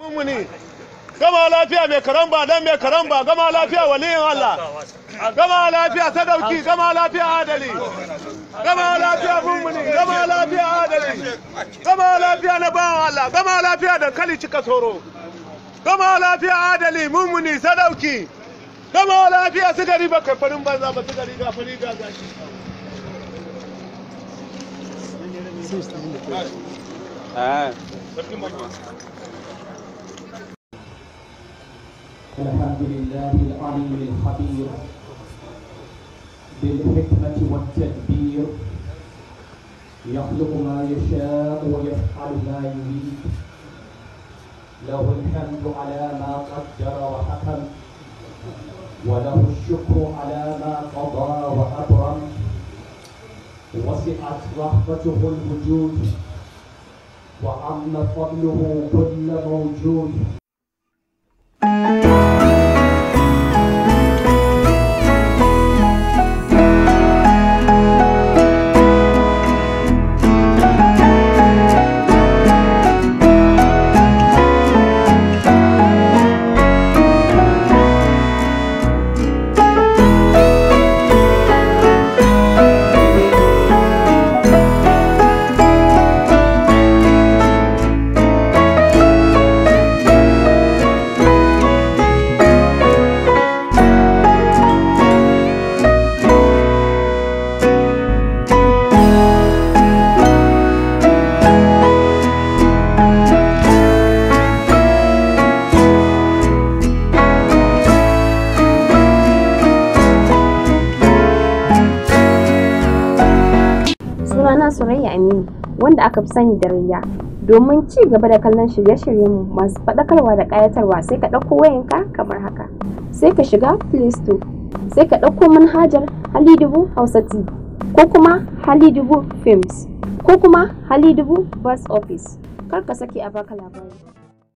mu ne gama lafiya mai karamba dan mai karamba gama lafiya waliyin Allah gama lafiya sadauki gama lafiya adali gama lafiya mummuni gama lafiya adali gama lafiya na bawan Allah gama lafiya da kali cika soro gama lafiya adali mummuni sadauki gama lafiya sigari ba kai farin banza ba gari ga fari ga gashi Ah. الحمد لله العليم الخبير بالحكمة والتدبير يخلق ما يشاء ويفعل ما يريد له الحمد على ما قدر وحكم وله الشكر على ما قضى وأبرم وسعت رحمته الوجود وعم فضله كل موجود sunana Surayya Aminu wanda aka fi sani da Rayya. Domin ci gaba da kallon shirye-shiryenmu masu faɗakarwa da ƙayatarwa sai ka ɗauko wayanka kamar haka. Sai ka shiga Play Store, sai ka ɗauko manhajar Halidubu Hausa TV ko kuma Halidubu Films ko kuma Halidubu Bus Office. Kar ka sake a baka labari.